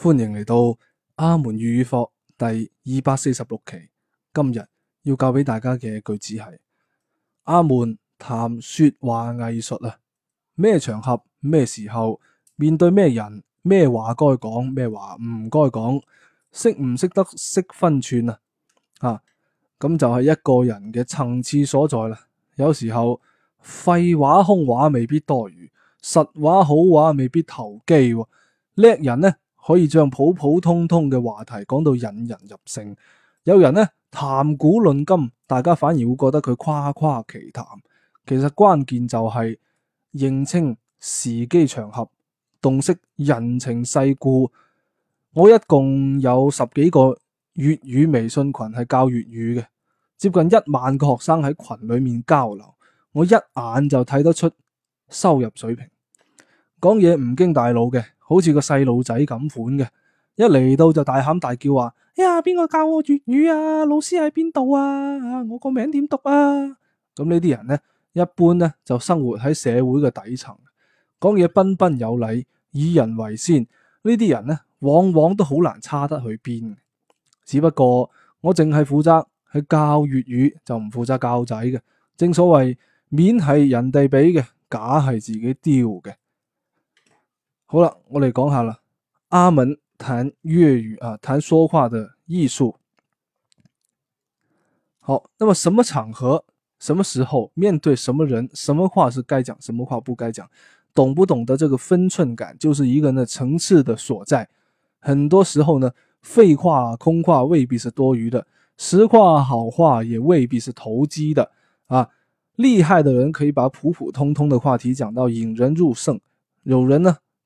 歡迎嚟到阿門粵語課第二百四十六期。今日要教俾大家嘅句子係：阿門談說話藝術啊，咩場合，咩時候，面對咩人，咩話該講，咩話唔該講，識唔識得識分寸啊？啊，咁就係一個人嘅層次所在啦。有時候，廢話空話未必多餘，實話好話未必投機。叻人呢？可以將普普通通嘅話題講到引人入勝，有人呢，談古論今，大家反而會覺得佢誇誇其談。其實關鍵就係認清時機場合，洞悉人情世故。我一共有十幾個粵語微信群係教粵語嘅，接近一萬個學生喺群裡面交流，我一眼就睇得出收入水平，講嘢唔經大腦嘅。好似個細路仔咁款嘅，一嚟到就大喊大叫話：，哎呀，邊個教我粵語啊？老師喺邊度啊？我個名點讀啊？咁呢啲人咧，一般咧就生活喺社會嘅底層，講嘢彬彬有禮，以人為先。呢啲人咧，往往都好難差得去邊。只不過我淨係負責去教粵語，就唔負責教仔嘅。正所謂，面係人哋俾嘅，假係自己丟嘅。好了，我嚟講下啦。阿門，談粵語啊，談說話的藝術。好，那麼什麼場合、什麼時候，面對什麼人、什麼話是該講，什麼話不該講，懂不懂得這個分寸感，就是一個人的層次的所在。很多時候呢，廢話空話未必是多餘的，實話好話也未必是投機的。啊，厲害的人可以把普普通通的話題講到引人入勝，有人呢。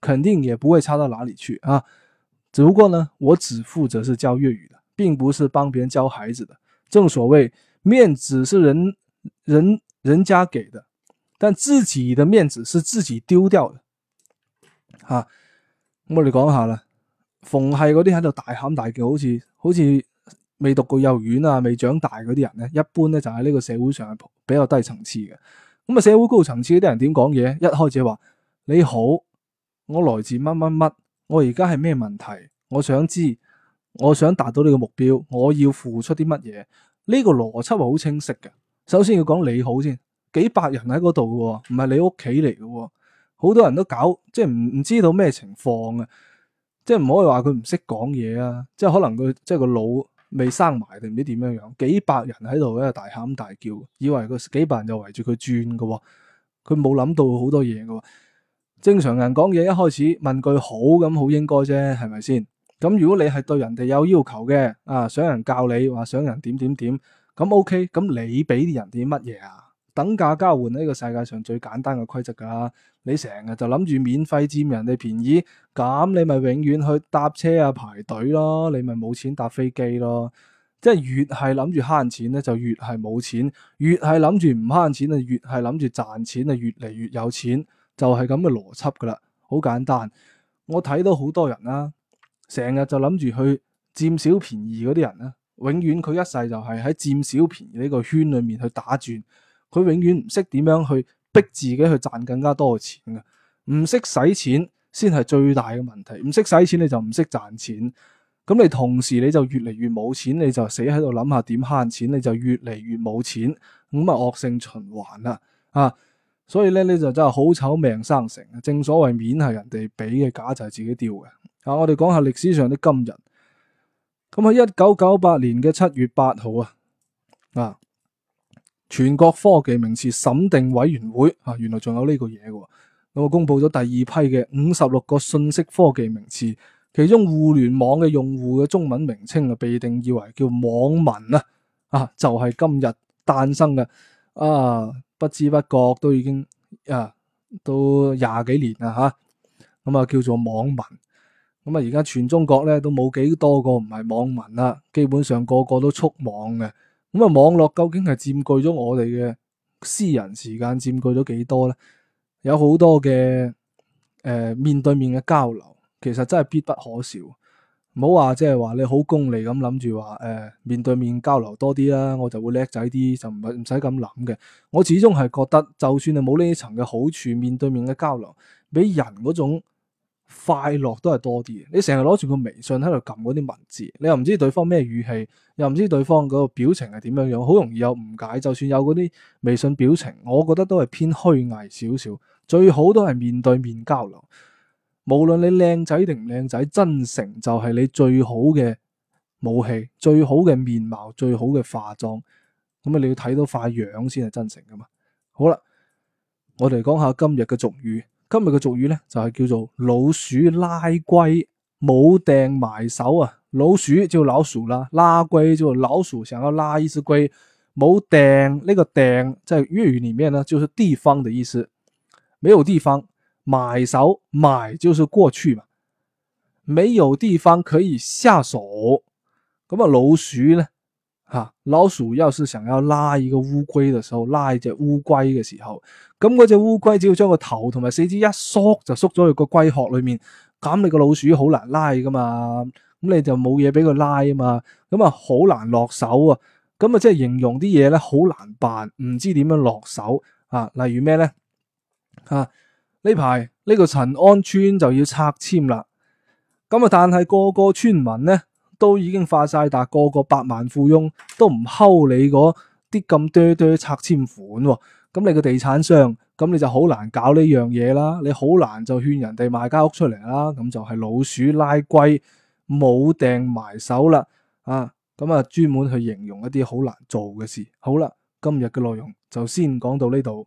肯定也不會差到哪裡去啊，只不過呢，我只負責是教粵語的，並不是幫別人教孩子的。正所謂面子是人人人家給的，但自己的面子是自己丟掉的。啊，我哋講下啦，逢係嗰啲喺度大喊大叫，好似好似未讀過幼兒園啊，未長大嗰啲人呢，一般呢就喺呢個社會上係比較低層次嘅。咁啊，社會高層次啲人點講嘢？一開始話你好。我來自乜乜乜，我而家係咩問題？我想知，我想達到呢個目標，我要付出啲乜嘢？呢個邏輯係好清晰嘅。首先要講你好先，幾百人喺嗰度嘅，唔係你屋企嚟嘅，好多人都搞，即係唔唔知道咩情況啊，即係唔可以話佢唔識講嘢啊，即係可能佢即係個腦未生埋定唔知點樣樣，幾百人喺度喺度大喊大叫，以為個幾百人就圍住佢轉嘅，佢冇諗到好多嘢嘅。正常人講嘢，一開始問句好咁，好應該啫，係咪先？咁如果你係對人哋有要求嘅，啊想人教你，話想人點點點，咁 OK，咁你俾啲人啲乜嘢啊？等價交換呢個世界上最簡單嘅規則噶，你成日就諗住免費佔人哋便宜，咁你咪永遠去搭車啊排隊咯、啊，你咪冇錢搭飛機咯、啊。即係越係諗住慳錢咧，就越係冇錢；越係諗住唔慳錢啊，越係諗住賺錢啊，越嚟越,越有錢。就係咁嘅邏輯噶啦，好簡單。我睇到好多人啦、啊，成日就諗住去占小便宜嗰啲人咧、啊，永遠佢一世就係喺占小便宜呢個圈裏面去打轉，佢永遠唔識點樣去逼自己去賺更加多嘅錢嘅、啊，唔識使錢先係最大嘅問題。唔識使錢你就唔識賺錢，咁你同時你就越嚟越冇錢，你就死喺度諗下點慳錢，你就越嚟越冇錢，咁啊惡性循環啦，啊！所以咧，你就真係好醜命生成啊！正所謂面係人哋俾嘅，假就係自己丟嘅。啊，我哋講下歷史上嘅今日。咁喺一九九八年嘅七月八號啊，啊，全國科技名詞審定委員會啊，原來仲有呢個嘢嘅。咁啊，公布咗第二批嘅五十六個信息科技名詞，其中互聯網嘅用戶嘅中文名稱啊，被定義為叫網民啊。啊，就係、是、今日誕生嘅啊。不知不覺都已經啊，都廿幾年啦吓，咁啊叫做網民，咁啊而家全中國咧都冇幾多個唔係網民啦，基本上個個都觸網嘅，咁啊網絡究竟係佔據咗我哋嘅私人時間，佔據咗幾多咧？有好多嘅誒、呃、面對面嘅交流，其實真係必不可少。唔好話，即係話你好功利咁諗住話，誒、呃、面對面交流多啲啦，我就會叻仔啲，就唔係唔使咁諗嘅。我始終係覺得，就算你冇呢層嘅好處，面對面嘅交流，畀人嗰種快樂都係多啲。你成日攞住個微信喺度撳嗰啲文字，你又唔知對方咩語氣，又唔知對方嗰個表情係點樣樣，好容易有誤解。就算有嗰啲微信表情，我覺得都係偏虛偽少少，最好都係面對面交流。無論你靚仔定唔靚仔，真誠就係你最好嘅武器，最好嘅面貌，最好嘅化妝。咁啊，你要睇到塊樣先係真誠噶嘛。好啦，我哋講下今日嘅俗語。今日嘅俗語咧就係叫做老鼠拉龜冇掟埋手啊！老鼠就老鼠啦，拉龜就老鼠成要拉一隻龜冇掟，呢個掟，即係粵語裏面呢，就係地方嘅意思，沒有地方。埋手埋，就是過去嘛，沒有地方可以下手。咁啊，老鼠呢？吓，老鼠要是想要拉呢個烏龜嘅時候，拉隻烏龜嘅時候，咁嗰隻烏龜只要將個頭同埋四肢一縮，就縮咗入個龜殼裏面，咁你個老鼠好難拉㗎嘛，咁、嗯、你就冇嘢俾佢拉啊嘛，咁啊好難落手啊，咁、嗯、啊即係形容啲嘢咧好難辦，唔知點樣落手啊，例如咩咧？啊？呢排呢個陳安村就要拆遷啦，咁啊，但係個個村民呢都已經發晒達，個個百萬富翁都唔睺你嗰啲咁多多拆遷款，咁、嗯、你個地產商，咁、嗯、你就好難搞呢樣嘢啦，你好難就勸人哋賣間屋出嚟啦。咁、嗯、就係、是、老鼠拉龜，冇掟埋手啦，啊，咁、嗯、啊專門去形容一啲好難做嘅事。好啦，今日嘅內容就先講到呢度。